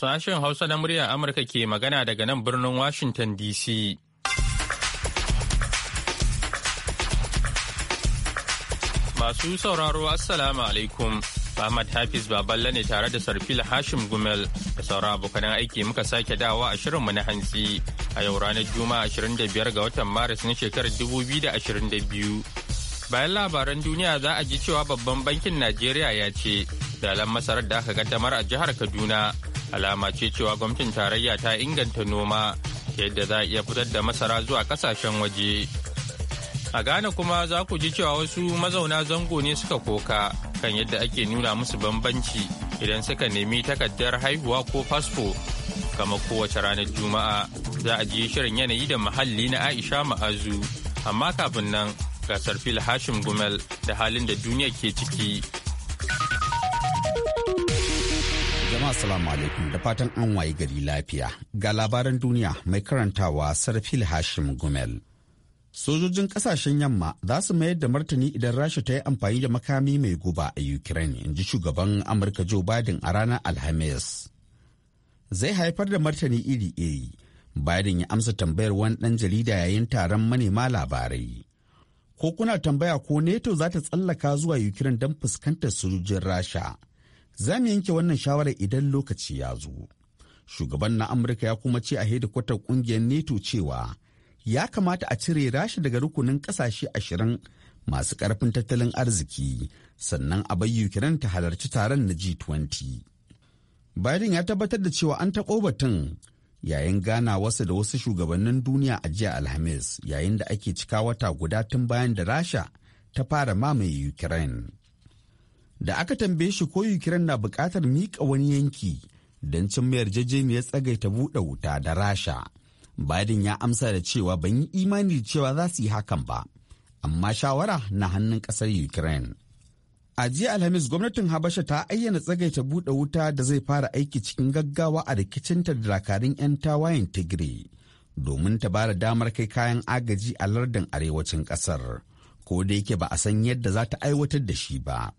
Sashen Hausa na murya Amurka ke magana daga nan birnin Washington DC. Masu sauraro Assalamu alaikum. Ahmad Hafiz Baballe ne tare da Sarfil Hashim Gumel da sauran abokanan aiki muka sake dawa a shirinmu na hantsi a yau ranar Juma'a 25 ga watan Maris na shekarar 2022. Bayan labaran duniya za a ji cewa babban bankin Najeriya ya ce dalan masarar da aka gaddamar a jihar Kaduna alama ce cewa gwamnatin tarayya ta inganta noma yadda za a iya fitar da masara zuwa kasashen waje a ghana kuma za ku ji cewa wasu mazauna zango ne suka koka kan yadda ake nuna musu bambanci idan suka nemi takardar haihuwa ko fasfo kama kowace ranar juma'a za a ji shirin yanayi da muhalli na aisha ma'azu amma kafin nan gasar fil hashim gumel da halin da duniya ke ciki Assalamu alaikum da fatan an wayi gari lafiya ga labaran duniya mai karantawa sarfil hashim gumel sojojin kasashen yamma za su mayar da martani idan rasha ta yi amfani da makami mai guba a ukraine in ji shugaban amurka joe biden a ranar alhamis zai haifar da martani iri-iri biden ya amsa tambayar wani dan jarida yayin taron manema labarai ko kuna tambaya ko neto za ta tsallaka zuwa ukraine don fuskantar sojojin rasha za mu yanke wannan shawarar idan lokaci ya zo shugaban na amurka ya kuma ce a hedikwatar ƙungiyar Nato cewa ya kamata a cire rashi daga rukunin ƙasashe ashirin masu ƙarfin tattalin arziki sannan a bai ukraine ta halarci taron na g20 biden ya tabbatar da cewa an taɓo batun yayin gana wasu da wasu shugabannin duniya a jiya alhamis yayin da ake cika wata guda tun bayan da rasha ta fara mamaye ukraine da aka tambaye shi ko ukraine na bukatar mika wani yanki don cin mayar yarjejeniyar tsagaita buɗe wuta da rasha biden ya amsa da cewa ban yi imani cewa za su yi hakan ba amma shawara na hannun ƙasar ukraine a jiya alhamis gwamnatin habasha ta ayyana tsagaita buɗe wuta da zai fara aiki cikin gaggawa a rikicinta da dakarun 'yan tawayen tigray domin ta bada damar kai kayan agaji a lardin arewacin ƙasar ko da yake ba a san yadda za ta aiwatar da shi ba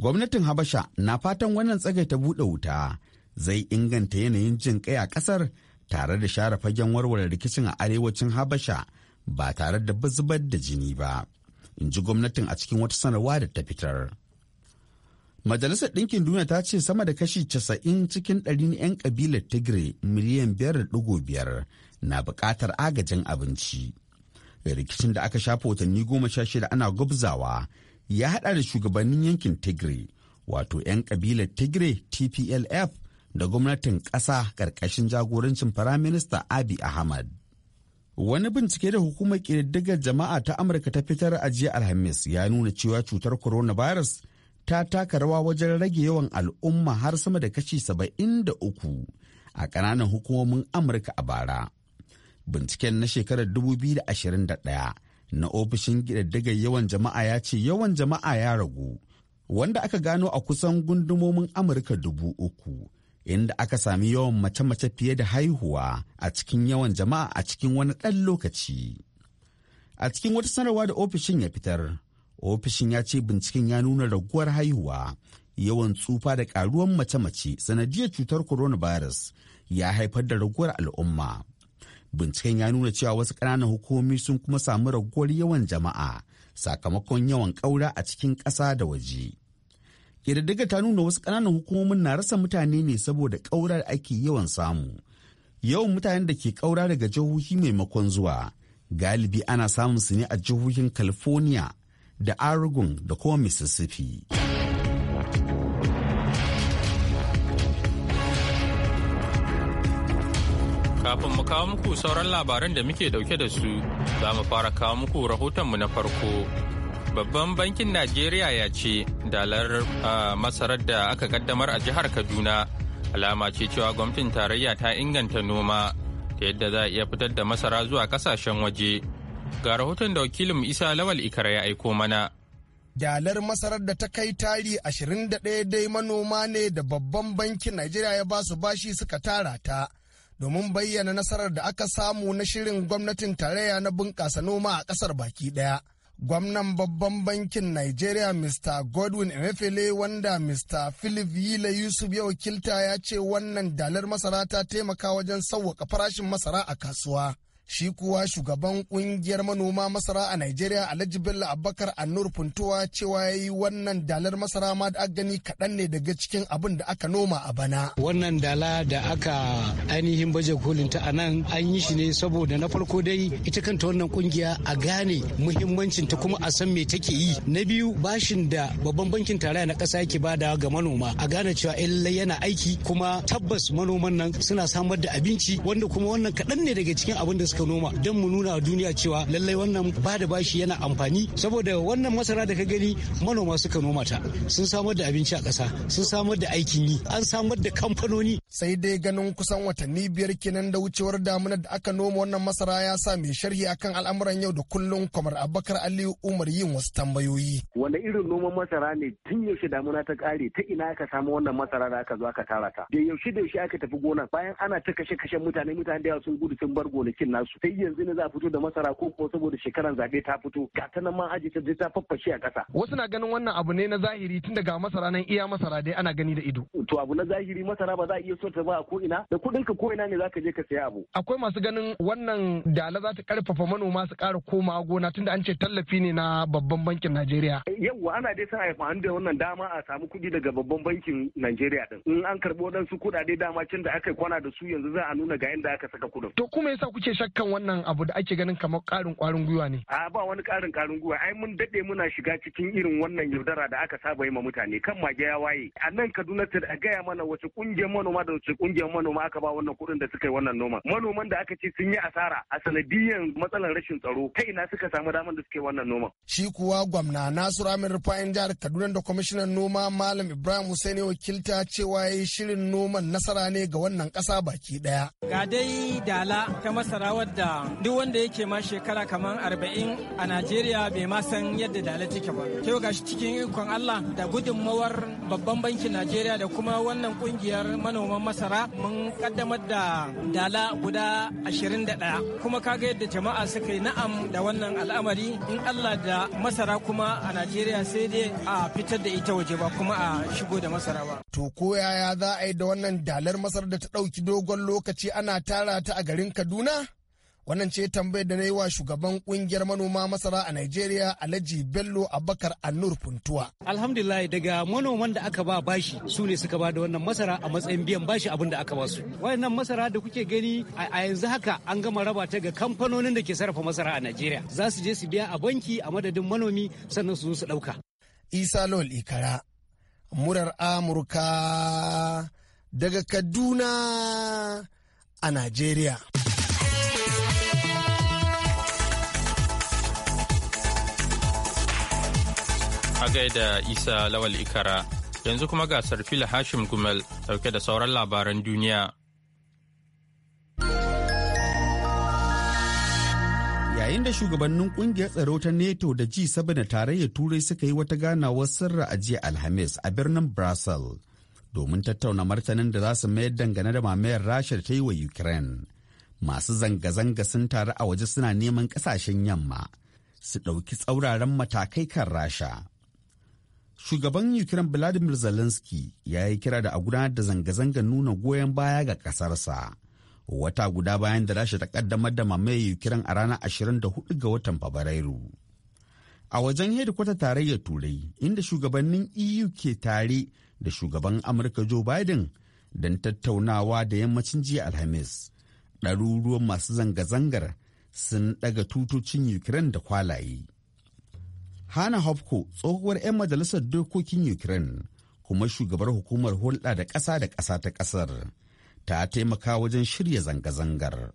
Gwamnatin Habasha na fatan wannan ta buɗe wuta zai inganta yanayin jin kai a ƙasar tare da share fagen warware rikicin a arewacin Habasha ba tare da zubar da jini ba. In ji gwamnatin a cikin wata sanarwa da ta fitar. Majalisar Ɗinkin Duniya ta ce sama da kashi casa'in cikin ɗari na 'yan ƙabilar Tigray miliyan biyar da biyar na buƙatar agajin abinci. Rikicin da aka shafa watanni goma sha shida ana gwabzawa ya hada da shugabannin yankin tigray wato 'yan kabilar tigray tplf da gwamnatin ƙasa ƙarƙashin jagorancin firaminista abi ahmad wani bincike da hukumar ƙididdigar jama'a ta amurka ta fitar a alhamis ya nuna cewa cutar coronavirus ta taka rawa wajen rage yawan al'umma har sama da kashi saba'in da uku a ƙananan hukumomin amurka a bara binciken na shekarar 2021 na ofishin ƙididdigar yawan jama'a ya ce yawan jama'a ya ragu wanda aka gano a kusan gundumomin amurka dubu uku inda aka sami yawan mace-mace fiye da haihuwa a cikin yawan jama'a a cikin wani ɗan lokaci a cikin wata sanarwa da ofishin ya fitar ofishin ya ce binciken ya nuna raguwar haihuwa yawan tsufa da karuwan mace-mace sanadiyar cutar coronavirus ya haifar da raguwar al'umma binciken ya nuna cewa wasu ƙananan hukumomi sun kuma samu raguwar yawan jama'a sakamakon yawan ƙaura a cikin ƙasa da waje ƙididdiga ta nuna wasu ƙananan hukumomin na rasa mutane ne saboda ƙaura da ake yawan samu yawan mutanen da ke ƙaura daga jihohi maimakon zuwa galibi ana samun su ne a jihohin california da oregon da kuma mississippi Kafin mu kawo muku sauran labaran da muke dauke da su, za mu fara kawo muku rahoton mu na farko. Babban bankin Najeriya ya ce dalar masarar da aka kaddamar a jihar Kaduna alama ce cewa gwamnatin tarayya ta inganta noma ta yadda za a iya fitar da masara zuwa kasashen waje. Ga rahoton da wakilin Isa Lawal Ikara ya aiko mana. dalar masarar da ta kai tari 21 dai manoma ne da babban bankin Najeriya ya basu bashi suka tara ta domin bayyana nasarar da aka samu na shirin gwamnatin tarayya na bunƙasa noma a ƙasar baki ɗaya. Gwamnan babban bankin Najeriya Mr. Godwin Emefele wanda Mr. Philip Yila Yusuf ya wakilta ya ce wannan dalar masara ta taimaka wajen sauwaka farashin masara a kasuwa. shi kuwa shugaban kungiyar manoma masara a Najeriya Alhaji Bello Abubakar Annur Funtuwa cewa ya yi wannan dalar masara ma da aka gani kaɗan ne daga cikin abin da aka noma a bana. Wannan dala da aka ainihin baje kolin ta a nan an yi shi ne saboda na farko dai ita kanta wannan kungiya a gane muhimmancin ta kuma a san me take yi. Na biyu bashin da babban bankin tarayya na ƙasa yake badawa ga manoma a gane cewa eh, lallai yana aiki kuma tabbas manoman nan suna samar da abinci wanda kuma wannan kaɗan ne daga cikin abin da suka aka noma don mu nuna a duniya cewa lallai wannan ba da bashi yana amfani saboda wannan masara da ka gani manoma suka noma ta sun samar da abinci a ƙasa sun samar da aikin yi an samar da kamfanoni. sai dai ganin kusan watanni biyar kenan da wucewar damuna da aka noma wannan masara ya sa mai sharhi akan al'amuran yau da kullum kamar abubakar aliyu umar yin wasu tambayoyi. wanda irin noman masara ne tun yaushe damuna ta ƙare ta ina aka samu wannan masara da aka zo aka tara ta da yaushe da yaushe aka tafi gona bayan ana ta kashe kashe mutane mutane da yawa sun gudu sun bar gonakin na nasu sai yanzu ne za a fito da masara ko ko saboda shekaran zabe ta fito ga ta nan ma aji ta je ta faffashe a kasa Wasu na ganin wannan abu ne na zahiri tun daga masara nan iya masara dai ana gani da ido. To abu na zahiri masara ba za a iya so ta ba a ko ina da kuɗin ka ko ina ne za ka je ka saya abu. Akwai masu ganin wannan dala za ta karfafa manoma su ƙara koma gona tunda an ce tallafi ne na babban bankin Najeriya. Yawwa ana dai son a da wannan dama a samu kuɗi daga babban bankin Najeriya din. In an karɓo su kuɗaɗe dama cin da aka kwana da su yanzu za a nuna ga yadda aka saka kuɗin. To kuma yasa kuke sha kan wannan abu da ake ganin kamar karin kwarin gwiwa ne a ba wani karin karin gwiwa ai mun dade muna shiga cikin irin wannan yaudara da aka saba yi ma mutane kan mage ya waye a nan Kaduna ta a gaya mana wace kungiyar manoma da wace kungiyar manoma aka ba wannan kuɗin da suka yi wannan noma manoman da aka ce sun yi asara a sanadiyan matsalar rashin tsaro kai ina suka samu damar da suke wannan noma shi kuwa gwamna Nasiru Amir Rufa'in jihar Kaduna da kwamishinan noma Malam Ibrahim Hussein wakilta cewa ya yi shirin noman nasara ne ga wannan kasa baki ɗaya ga dai dala ta masarawa wadda duk wanda yake ma shekara kamar arba'in a najeriya bai ma san yadda dala take ba kai ga shi cikin ikon allah da gudunmawar babban bankin najeriya da kuma wannan kungiyar manoman masara mun kaddamar da dala guda ashirin da ɗaya kuma kaga yadda jama'a suka yi na'am da wannan al'amari in allah da masara kuma a najeriya sai dai a fitar da ita waje ba kuma a shigo da masara ba to ko yaya za a yi da wannan dalar masar da ta ɗauki dogon lokaci ana tara ta a garin Kaduna? Wannan ce tambayar da na yi wa shugaban kungiyar manoma masara a Najeriya Alhaji Bello Abakar Annur Funtuwa. Alhamdulillah daga manoman da aka ba bashi su ne suka ba da wannan masara a matsayin biyan bashi abin da aka ba su. Wannan masara da kuke gani a yanzu haka an gama raba ta ga kamfanonin da ke sarrafa masara a Najeriya. Za su je su biya a banki a madadin manomi sannan su zo su ɗauka. Isa Lol Ikara, murar Amurka daga Kaduna a Najeriya. A da Isa Lawal Ikara, yanzu kuma ga Sarfila Hashim Gumel dauke da sauran labaran duniya. Yayin da shugabannin kungiyar tsaro ta neto da G7 na tarayyar Turai suka yi wata ganawar sirra a jiya Alhamis a birnin Brussels domin tattauna martanin da za su mayar dangane da mamayar Rasha ta yi wa Ukraine. Masu zanga-zanga sun taru a waje suna neman kasashen yamma su ɗauki tsauraran matakai kan Rasha. Shugaban Ukraine Vladimir Zelensky ya yi kira da a gudanar da zanga-zangar nuna goyon baya ga kasarsa, Wata guda bayan da Rasha ta kaddamar da mamaye Ukraine a ranar 24 ga watan Fabrairu. A wajen hedikwatar tarayyar Turai, inda shugabannin EU ke tare da shugaban Amurka Joe Biden don tattaunawa da yammacin jiya Alhamis. Ɗaruruwan masu zanga-zangar sun ɗaga tutocin Ukraine da kwalaye. hana hofko tsohuwar 'yan majalisar dokokin ukraine kuma shugabar hukumar hulɗa da ƙasa da ƙasa ta ƙasar ta taimaka wajen shirya zanga-zangar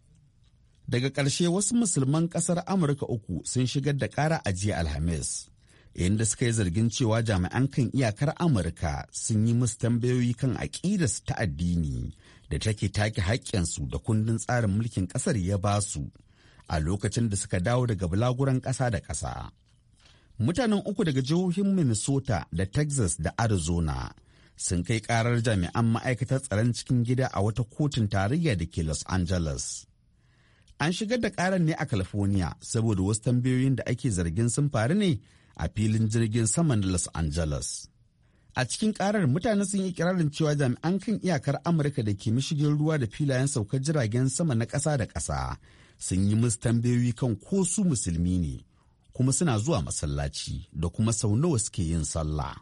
daga ƙarshe wasu musulman ƙasar amurka uku sun shigar da ƙara a jiya alhamis inda suka yi zargin cewa jami'an kan iyakar amurka sun yi musu tambayoyi kan aƙidarsu ta addini da take take haƙƙinsu da kundin tsarin mulkin ƙasar ya basu a lokacin da suka dawo daga bulaguran ƙasa da ƙasa. mutanen uku daga jihohin minnesota da texas da arizona sun kai karar jami'an ma'aikatar tsaron cikin gida a wata kotun tarayya da ke los angeles an shigar da karar ne a california saboda wasu tambayoyin da ake zargin sun faru ne a filin jirgin saman los angeles a cikin karar mutane sun yi kirarin cewa jami'an kan iyakar amurka da ke mashigin ruwa da filayen saukar jiragen sama na ƙasa da ƙasa sun yi musu tambayoyi kan ko su musulmi ne kuma suna zuwa masallaci da kuma sau nawa suke yin sallah.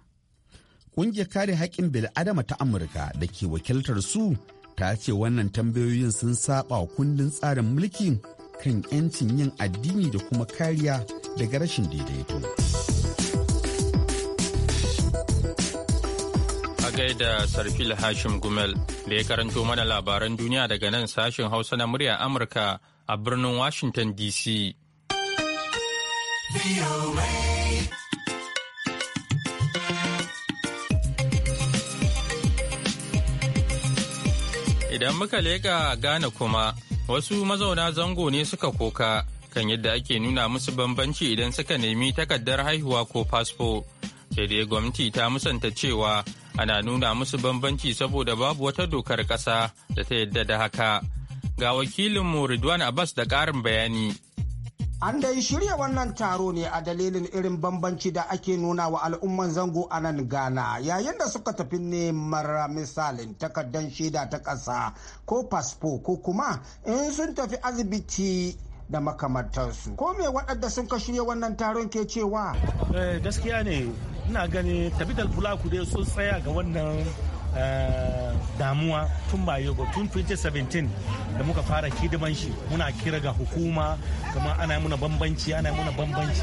Ƙungiyar kare haƙƙin bil'adama ta Amurka da ke wakiltar su ta ce wannan tambayoyin sun saba wa kundin tsarin mulkin kan 'yancin yin addini da kuma kariya daga rashin daidaito. A gaida Sarfil Hashim Gumel da ya karanto mana labaran duniya daga nan sashen Hausa na murya Amurka a birnin Washington DC. Idan muka leƙa gane kuma wasu mazauna zango ne suka koka kan yadda ake nuna musu bambanci idan suka nemi takardar haihuwa ko fasfo. Sai dai gwamnati ta musanta cewa ana nuna musu bambanci saboda babu wata dokar ƙasa da ta yadda da haka. Ga wakilinmu Ridwan Abbas da ƙarin bayani. An dai shirya wannan taro ne a dalilin irin bambanci da ake nuna wa al'umman zango a nan Ghana yayin da suka tafi neman misalin takardar shaida ta ƙasa ko fasfo ko kuma in sun tafi asibiti da makamantarsu. Ko me waɗanda sun ka shirya wannan taron ke cewa? Eh, gaskiya ne, ina gani tafi dai sun tsaya ga wannan Eh, damuwa tun ba yau tun 2017 da muka fara hidiman shi muna kira ga hukuma kuma ana muna bambanci ana muna bambanci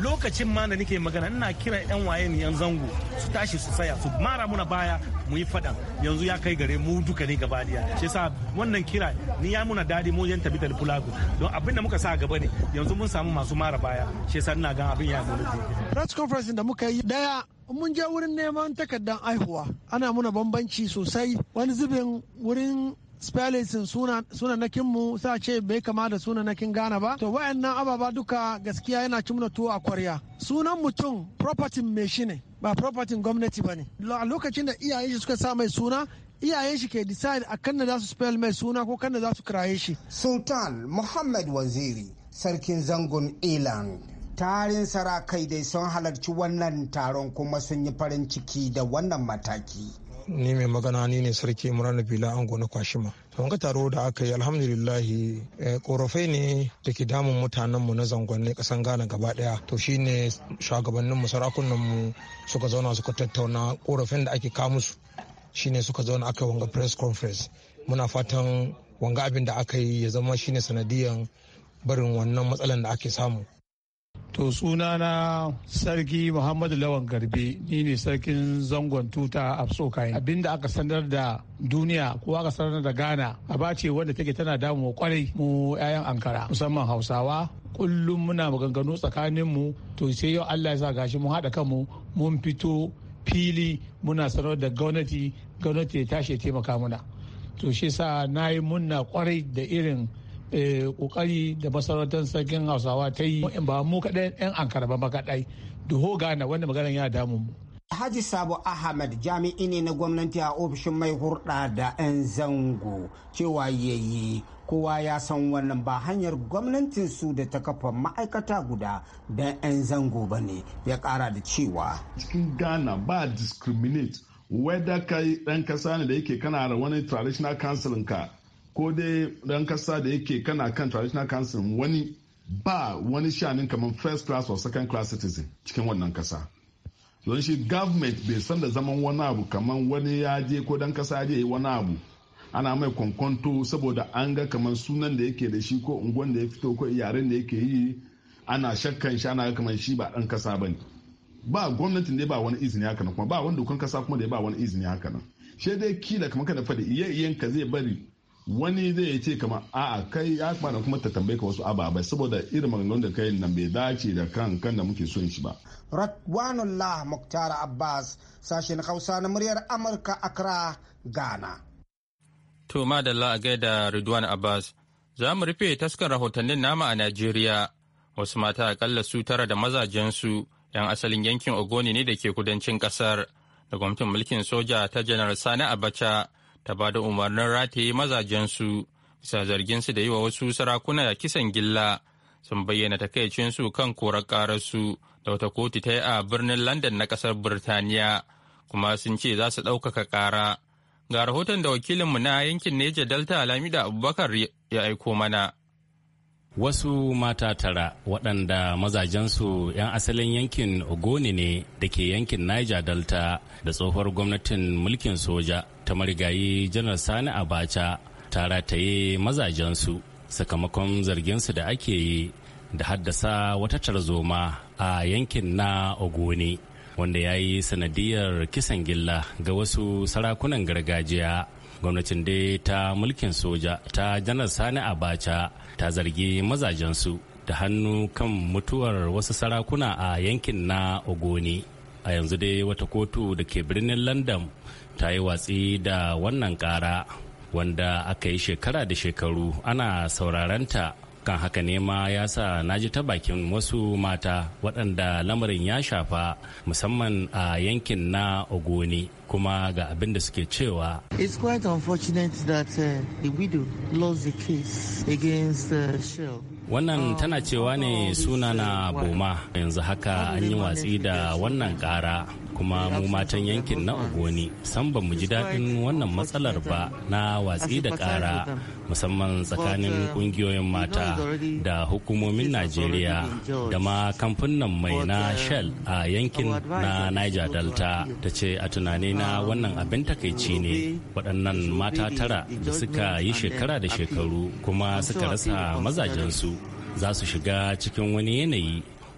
lokacin ma da nake magana ina kira yan waye ne yan zango su tashi su saya su mara muna baya mu yi fadan yanzu ya kai gare mu duka ne gaba daya shi yasa wannan kira ni ya muna dadi mu yanta tabi da fulagu don abin da muka sa gaba ne yanzu mun samu masu mara baya shi yasa ina gan abin ya zama press conference da muka yi daya mun je wurin neman takardar aihuwa ana muna bambanci sosai wani zubin wurin spelling na mu sa ce bai kama da kin gana ba. To wayannan ababa duka gaskiya yana muna tuwo a kwarya. Sunan mutum property mai shi ne ba property gwamnati ba ne. A lokacin da iyayen shi suka sa mai suna iyayen shi ke decide a kan da za su spell mai suna ko kan da za su kiraye shi. Sultan Muhammad Waziri sarkin zangon Ilan tarin sarakai dai sun halarci wannan taron kuma sun yi farin ciki da wannan mataki ni mai magana ni ne sarki imran bila an gona kwashima ga taro da aka yi alhamdulillahi korafai eh, ne da ke damun mutanen mu na zangonni kasan gana gaba daya to shine shugabannin mu sarakunan mu suka zauna suka tattauna korafin da ake kawo shi shine suka zauna aka wanga press conference muna fatan wanga abin da aka yi ya zama shine sanadiyan barin wannan matsalan da ake samu To suna na Sarki Muhammadu Lawan Garbe ni ne sarkin zangon tuta a Sokai. Abinda aka sanar da duniya ko aka sanar da Ghana a bace wanda take tana damu kwarai mu 'ya'yan Ankara musamman Hausawa kullum muna maganganu tsakaninmu to sai yau Allah ya sa gashi mun haɗa kanmu mun fito fili muna sanar da gwamnati gwamnati ya tashi ya taimaka muna. To shi sa na yi munna kwarai da irin Eh, kokari da masarautar sarkin hausawa ta yi ba mu kaɗai 'yan ankara ba da duho gana wanda maganar ya damu mu Haji Sabo Ahmad jami'i ne na gwamnati a ofishin mai hurɗa da 'yan zango cewa yayi kowa ya san wannan ba hanyar gwamnatin su da ta kafa ma'aikata guda da 'yan zango ba ne ya ƙara da cewa. Cikin Ghana ba discriminate whether kai ɗan kasa ne da yake kana da wani traditional counseling ka ko dai dan kasa da yake kana kan traditional council wani ba wani shanin kamar first class or second class citizen cikin wannan kasa don shi government bai san da zaman wani abu kamar wani ya je ko dan kasa ya je wani abu ana mai kwankwanto saboda an ga kamar sunan da yake da shi ko unguwan da ya fito ko yaren da yake yi ana shakkan shi ana kamar shi ba dan kasa bane ba gwamnatin da ba wani izini haka kuma ba wani dokan kasa kuma da ba wani izini haka nan shi dai kila kamar ka da fadi iyayen ka zai bari wani zai ce kama a'a kai ya kamata kuma ta tambaye ka wasu ababai saboda irin maganganun da kai nan bai dace da kan kan da muke son shi ba Radwanullah muktara Abbas sashen Hausa na muryar Amurka Accra Ghana To madalla a gaida Ridwan Abbas za mu rufe taskar rahotannin nama a Najeriya wasu mata akalla su tara da mazajen su 'yan asalin yankin Ogoni ne da ke kudancin kasar da gwamnatin mulkin soja ta janar Sani Abacha ta ba da umarnin rataye mazajensu bisa su da yi wa wasu sarakuna da kisan gilla sun bayyana su kan korar ƙararsu da wata kotu ta yi a birnin london na ƙasar birtaniya kuma sun ce za su ɗaukaka ƙara ga rahoton da wakilinmu na yankin neja delta lamida abubakar ya aiko mana Wasu mata tara waɗanda mazajensu 'yan asalin yankin Ogoni ne da ke yankin Niger Delta da tsohuwar gwamnatin mulkin soja ta marigayi janar Sani Abacha ta rataye mazajensu sakamakon zarginsu da ake yi da haddasa wata tarzoma a yankin na Ogoni wanda ya yi sanadiyar kisan gilla ga wasu sarakunan gargajiya. gwamnatin dai ta mulkin soja ta janar sani abacha ta zargi mazajensu da hannu kan mutuwar wasu sarakuna a yankin na ogoni a yanzu dai wata kotu da ke birnin london ta yi watsi da wannan kara wanda aka yi shekara da shekaru ana sauraranta kan haka ne ma ya sa na ji ta bakin wasu mata waɗanda lamarin ya shafa musamman a yankin na ogoni kuma ga abin da suke cewa it's quite unfortunate that uh, the widow uh, wannan um, tana cewa ne suna uh, na boma yanzu haka an yi watsi da wannan ƙara. kuma mu matan yankin na ogoni san ba mu ji daɗin wannan matsalar ba na watsi da ƙara musamman tsakanin ƙungiyoyin mata da hukumomin najeriya da ma kamfunan mai na shell a yankin na niger delta ta ce a tunani na um, wannan abin takaici ne waɗannan mata tara da suka yi shekara da shekaru kuma suka rasa mazajensu za su shiga cikin wani yanayi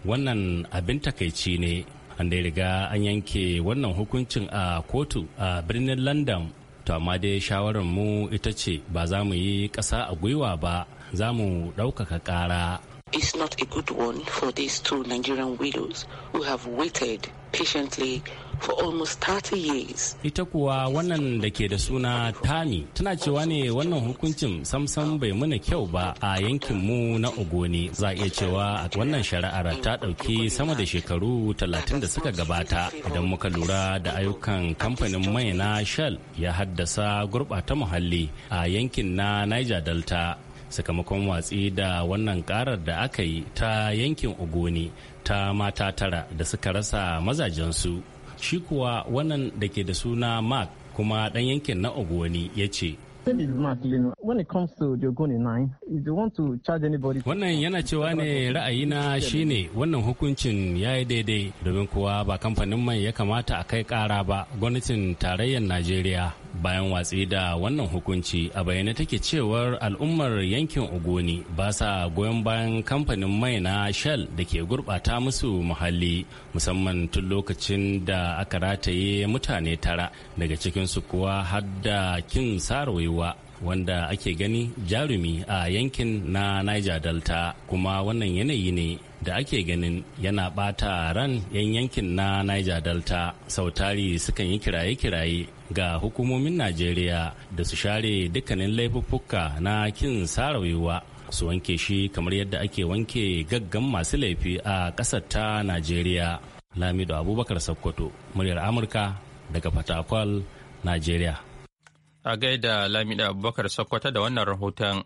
wannan abin takaici ne an riga an yanke wannan hukuncin a kotu a birnin london to amma dai shawarar mu ita ce ba za mu yi ƙasa a gwiwa ba za mu ɗaukaka ƙara It's not a good one for these two Nigerian widows who have waited patiently for almost 30 years. Ita kuwa wannan da ke da suna Tani tana cewa ne wannan hukuncin samsam bai muna kyau ba a yankin mu na Ogoni za a iya cewa a wannan shari'ar ta ɗauki sama da shekaru 30 da suka gabata idan muka lura da ayyukan kamfanin mai na Shell ya haddasa gurbata muhalli a yankin na Niger Delta sakamakon watsi da wannan karar da aka yi ta yankin Ogoni ta mata tara da suka rasa mazajensu shi kuwa wannan da ke da suna mark kuma dan yankin na ogoni ya ce Wannan yana cewa ne ra'ayina shine wannan hukuncin ya yi daidai domin kuwa ba kamfanin man ya kamata a kai kara ba gwamnatin tarayyar Najeriya bayan watsi da wannan hukunci a bayyane take cewar al'ummar yankin ogoni ba sa goyon bayan kamfanin mai na shell da ke gurbata musu muhalli musamman tun lokacin da aka rataye mutane tara daga cikinsu kuwa har da kin saroyewa wanda ake gani jarumi a yankin na niger delta kuma wannan yanayi ne da ake ganin yana bata ran 'yan yankin na niger delta sautari sukan yi kiraye-kiraye ga hukumomin najeriya da su share dukkanin laifuffuka na kin sarawaiwa su wanke shi kamar yadda ake wanke gaggan masu laifi a ƙasar ta najeriya lamido abubakar sokoto muryar amurka daga fatakwal najeriya a gaida lamido abubakar sokoto da wannan rahoton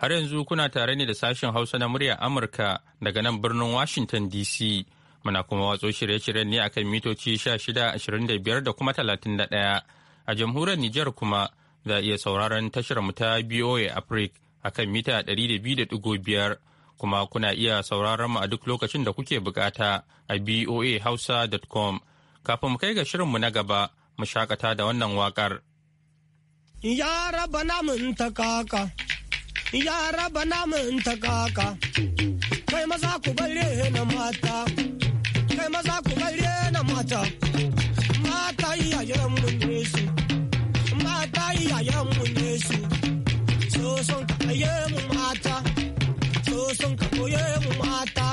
Har yanzu kuna tare ne da sashen Hausa na muryar Amurka daga nan birnin Washington DC. Muna kuma watso shirye-shiryen ne akan mitoci 16, 25 da kuma 31. A jamhuriyar Nijar kuma za a iya sauraron tashar mu ta BOA Africa akan mita 200.5 kuma kuna iya sauraron mu a duk lokacin da kuke bukata a boahausa.com. Kafin mu kai ga shirin mu na gaba, mu shakata da wannan waƙar. Ya raba mun ta ya raba namun ta kaka kai maza ku bare na mata kai maza ku bare na mata mata iyayen mun yesu su mata iyayen mun yesu su so son ka mu mata so son ka koye mu mata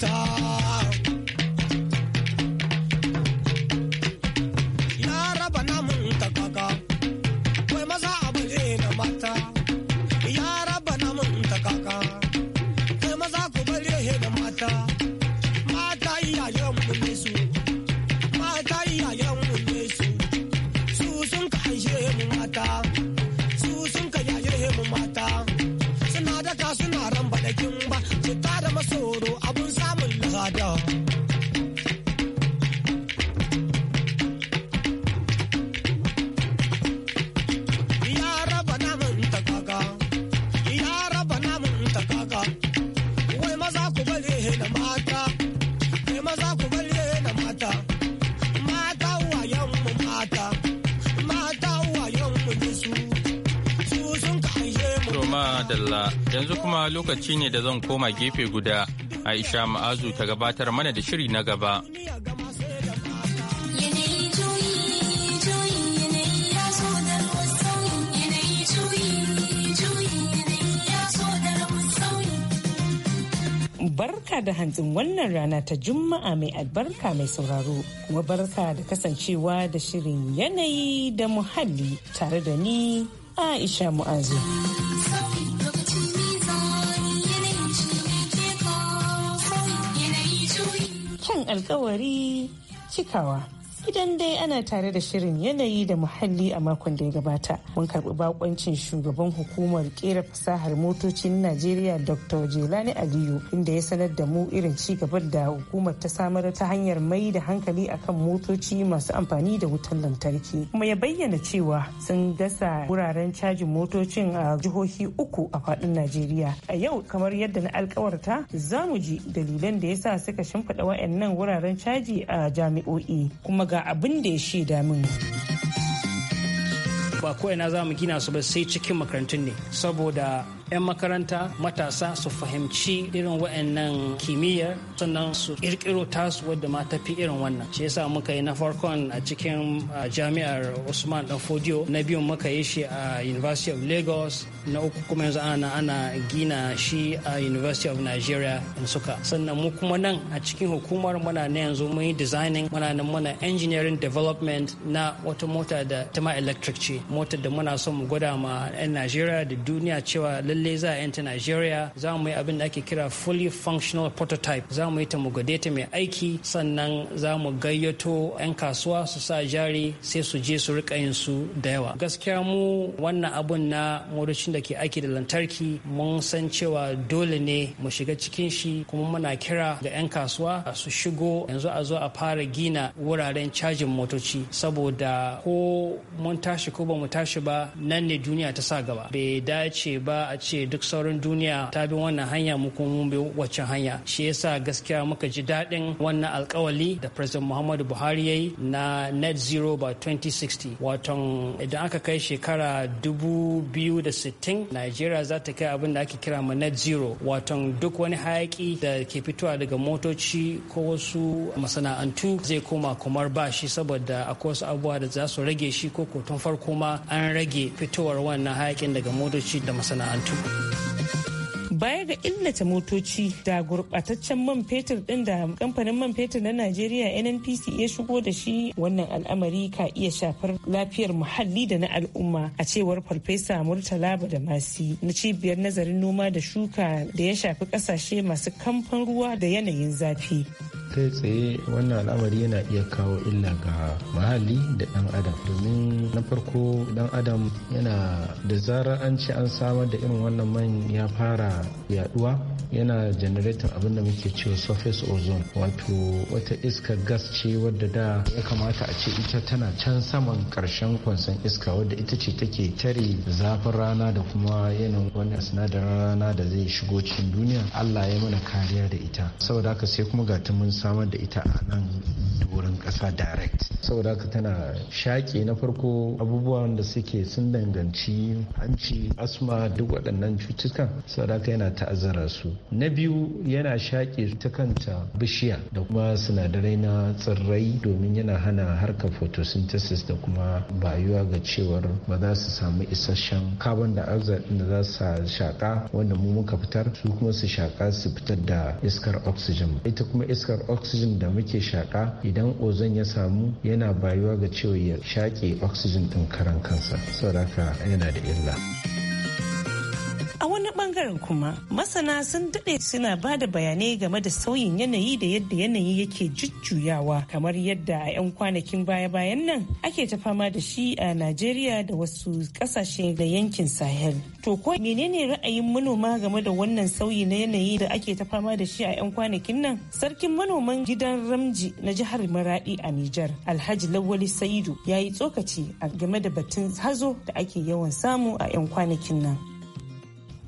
guitar. Dalla yanzu kuma lokaci ne da zan koma gefe guda Aisha Ma'azu ta gabatar mana da shiri na gaba. barka da hantsin wannan rana ta juma'a mai albarka mai sauraro kuma barka da kasancewa da shirin yanayi da muhalli tare da ni aisha mu'azu. alkawari cikawa. Idan dai ana tare da shirin yanayi da muhalli a makon da ya gabata, mun karɓi bakoncin shugaban hukumar kera fasahar motocin Najeriya Dr. Jelani Aliyu inda ya sanar da mu irin ci da hukumar ta samar ta hanyar mai da hankali akan motoci masu amfani da wutan lantarki. Kuma ya bayyana cewa sun gasa wuraren cajin motocin a jihohi uku a faɗin Najeriya. A yau kamar yadda na alkawarta za mu ji dalilan da ya sa suka shimfiɗa wa'annan wuraren caji a jami'o'i. Kuma ga abin da ya shaida min. ba ko na zamu gina su ba sai cikin makarantun ne saboda 'yan makaranta matasa su fahimci irin wa'annan kimiyyar sannan su kirkiro tasu wadda ma tafi irin wannan shi yasa muka yi na farkon a cikin jami'ar usman dan fodio na biyun muka yi shi a university of lagos na uku kuma yanzu ana ana gina shi a university of nigeria in suka sannan mu kuma nan a cikin hukumar muna na yanzu mun yi designing muna nan muna engineering development na wata mota da ta ma electric ce motar da muna son mu gwada ma 'yan nigeria da duniya cewa lalle za a yanta Nigeria za mu yi abin da ake kira fully functional prototype za mu yi ta mu gade ta mai aiki sannan za mu gayyato 'yan kasuwa su sa jari sai su je su rika yin su da yawa gaskiya mu wannan abun na motocin da ke aiki da lantarki mun san cewa dole ne mu shiga cikin shi kuma muna kira ga 'yan kasuwa su shigo yanzu a zo a fara gina wuraren cajin motoci saboda ko mun tashi ko ba mu tashi ba nan ne duniya ta sa gaba bai dace ba a ce duk sauran duniya ta bi wannan hanya mu kuma mun bi wacce hanya shi yasa gaskiya muka ji daɗin wannan alkawali da president muhammadu buhari ya yi na net zero by 2060 waton idan aka kai shekara 2060 najeriya za ta kai abin da ake kira ma net zero waton duk wani hayaki da ke fitowa daga motoci ko wasu masana'antu zai koma kamar ba shi saboda akwai wasu abubuwa da za su rage shi ko ko tun farko ma an rage fitowar wannan hayakin daga motoci da masana'antu baya ga illata motoci da gurbataccen man fetur din da kamfanin man fetur na najeriya nnpc ya shigo da shi wannan al'amari ka iya shafar lafiyar muhalli da na al'umma a cewar farfesa murtala da masi na cibiyar nazarin noma da shuka da ya shafi kasashe masu kamfan ruwa da yanayin zafi kai tsaye wannan al'amari yana iya kawo illa ga muhalli da dan adam domin na farko dan adam yana da zarar an ce an samar da irin wannan man ya fara yaduwa yana generating abin da muke cewa surface ozone wato wata iska gas ce wadda da ya kamata a ce ita tana can saman karshen kwansan iska wadda ita ce take tare zafin rana da kuma yanayin wani sinadarin rana da zai shigo cikin duniya allah ya mana kariya da ita saboda haka sai kuma ga mun samar da ita a nan wurin ƙasa direct saboda haka tana shaƙe na farko abubuwan da suke sun danganci hanci asma duk waɗannan cututtukan saboda haka yana ta'azzara su na biyu yana shaƙe ta kanta bishiya da kuma sinadarai na tsirrai domin yana hana harkar photosynthesis da kuma bayuwa ga cewar ba za su samu isasshen carbon dioxide da za su shaƙa wanda mu muka fitar su kuma su shaƙa su fitar da iskar oxygen ita kuma iskar oxygen da muke shaƙa idan ozon ya samu yana bayuwa ga cewa ya shaƙe oxygen ɗin karan kansa saboda haka yana da illa. A wani bangaren kuma masana sun daɗe suna ba da bayanai game da sauyin yanayi da yadda yanayi yake jujjuyawa kamar yadda a 'yan kwanakin baya-bayan nan ake ta fama da shi a Najeriya da wasu ƙasashe da yankin Sahel. To ko menene ra'ayin manoma game da wannan sauyi na yanayi da ake ta fama da shi a 'yan kwanakin nan? Sarkin manoman gidan Ramji na jihar Maradi a Nijar, Alhaji Lawali Saidu ya yi tsokaci a game da batun hazo da ake yawan samu a 'yan kwanakin nan.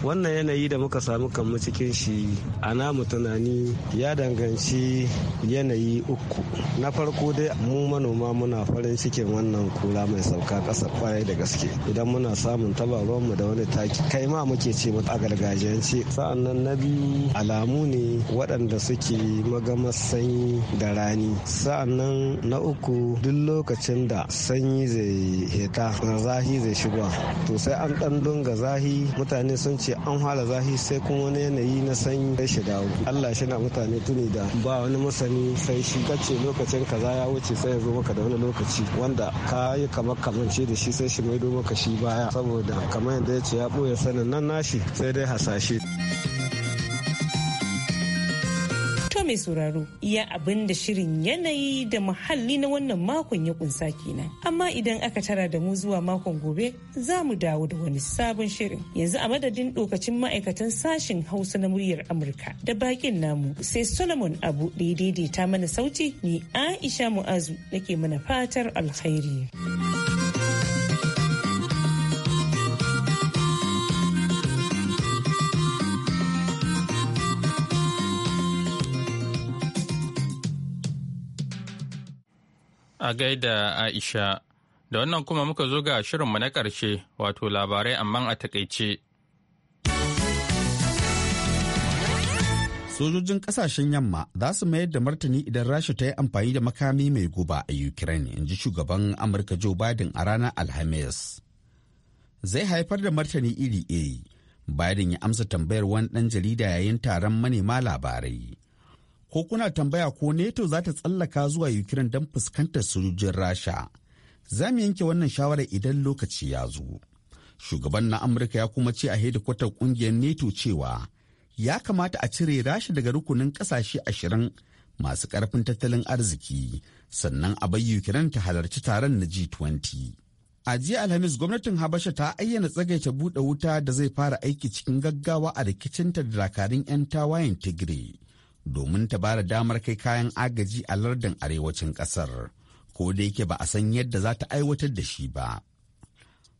wannan yanayi da muka samu kanmu cikin shi a namu tunani ya danganci yanayi uku na farko dai mu manoma muna farin cikin wannan kula mai sauka ƙasa kwarai da gaske idan muna samun tabarwar mu da wani taki kai ma muke ce mata gargajiyance sa'annan na biyu alamu ne waɗanda suke magamar sanyi da rani sa'annan na uku duk lokacin da sanyi zai heta zahi zai shigo to sai an ɗan dunga zahi mutane sun ce ce an hala zafi sai kuma wani yanayi na sanyi sai shi dawo Allah shi na mutane tuni da ba wani masani sai shi kace lokacin kaza ya wuce sai ya zo maka da wani lokaci wanda ka yi kamar kamance da shi sai shi maido maka shi baya saboda kamar yadda ya ce ya ɓoye sanin nan nashi sai dai hasashe. Ka mai sauraro iya abin da shirin yanayi da muhalli na wannan makon ya kunsa kenan. Amma idan aka tara da mu zuwa makon gobe za mu dawo da wani sabon shirin. Yanzu a madadin dokacin ma'aikatan sashen Hausa na muryar Amurka da bakin namu sai Solomon Abu daidaita mana sauti ni Aisha Mu'azu nake mana fatar alkhairi. A gaida Aisha, da wannan kuma muka zo ga shirinmu na ƙarshe wato labarai amma a takaice. Sojojin ƙasashen yamma za su mayar da martani idan Rasha ta yi amfani da makami mai guba a Ukraine, in ji shugaban Amurka Joe Biden a ranar Alhamis. Zai haifar da martani iri iri. Biden ya amsa tambayar wani ɗan jarida yayin taron manema labarai. ko kuna tambaya ko neto za ta tsallaka zuwa ukraine don fuskantar sojojin rasha za mu yanke wannan shawarar idan lokaci ya zo shugaban na amurka ya kuma ce a hedikwatar kungiyar neto cewa ya kamata a cire rasha daga rukunin kasashe ashirin masu karfin tattalin arziki sannan a bai ukraine ta halarci taron na g20 a jiya alhamis gwamnatin habasha ta ayyana tsagaita buɗe wuta da zai fara aiki cikin gaggawa a rikicinta da dakarun 'yan tawayen tigray domin ta bada damar kai kayan agaji a lardin arewacin kasar ko da yake ba a san yadda za ta aiwatar da shi ba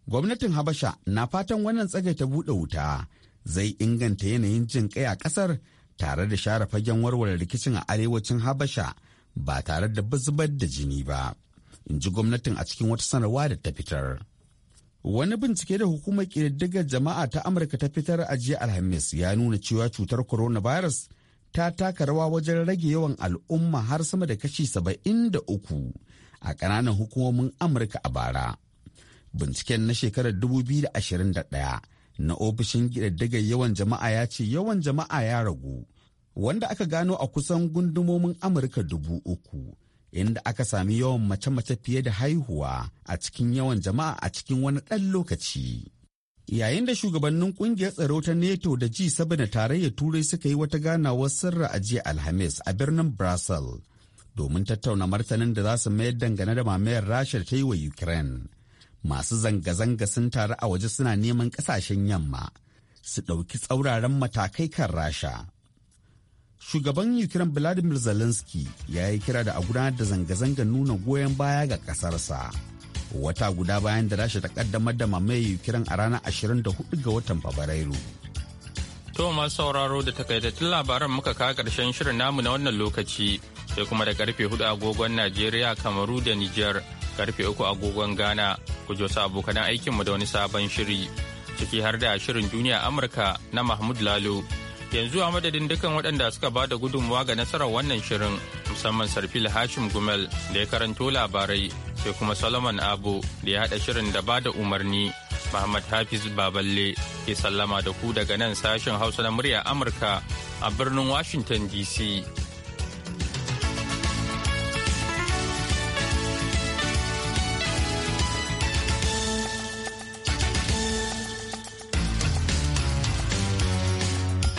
gwamnatin habasha na fatan wannan tsagai ta buɗe wuta zai inganta yanayin jin kai a kasar tare da share fagen warware rikicin a arewacin habasha ba tare da zubar da jini ba in ji gwamnatin a cikin wata sanarwa da ta fitar wani bincike da hukumar ƙididdigar jama'a ta amurka ta fitar a jiya alhamis ya nuna cewa cutar coronavirus ta taka rawa wajen rage yawan al'umma har sama da kashi saba'in da uku a ƙananan hukumomin amurka a bara binciken na shekarar 2021 na ofishin ƙididdigar yawan jama'a ya ce yawan jama'a ya ragu wanda aka gano a kusan gundumomin amurka dubu uku inda aka sami yawan mace-mace fiye da haihuwa a cikin yawan jama'a a cikin wani ɗan lokaci. yayin da shugabannin kungiyar tsaro ta neto da ji na tarayyar turai suka yi wata ganawar sirra a jiya alhamis a birnin brussels domin tattauna martanin da za su mayar dangane da mamayar rasha ta yi wa ukraine masu zanga-zanga sun taru a waje suna neman kasashen yamma su ɗauki tsauraran matakai kan rasha shugaban ukraine vladimir zelensky ya yi kira da a gudanar da zanga zanga nuna goyon baya ga ƙasarsa. wata guda bayan da rasha ta kaddamar da mamaye ukraine a ranar 24 ga watan fabrairu to masu sauraro da takaitattun labaran muka kawo karshen shirin namu na wannan lokaci sai kuma da karfe 4 agogon najeriya kamaru da niger karfe 3 agogon ghana ku jo abokan aikinmu da wani sabon shiri ciki har da shirin duniya amurka na mahmud lalo yanzu a madadin dukan waɗanda suka ba da gudunmawa ga nasarar wannan shirin musamman sarfil hashim gumel da ya karanto labarai sai kuma solomon abu da ya haɗa shirin da ba da umarni muhammad hafiz baballe ke sallama da ku daga nan sashen hausa na murya amurka a birnin washington dc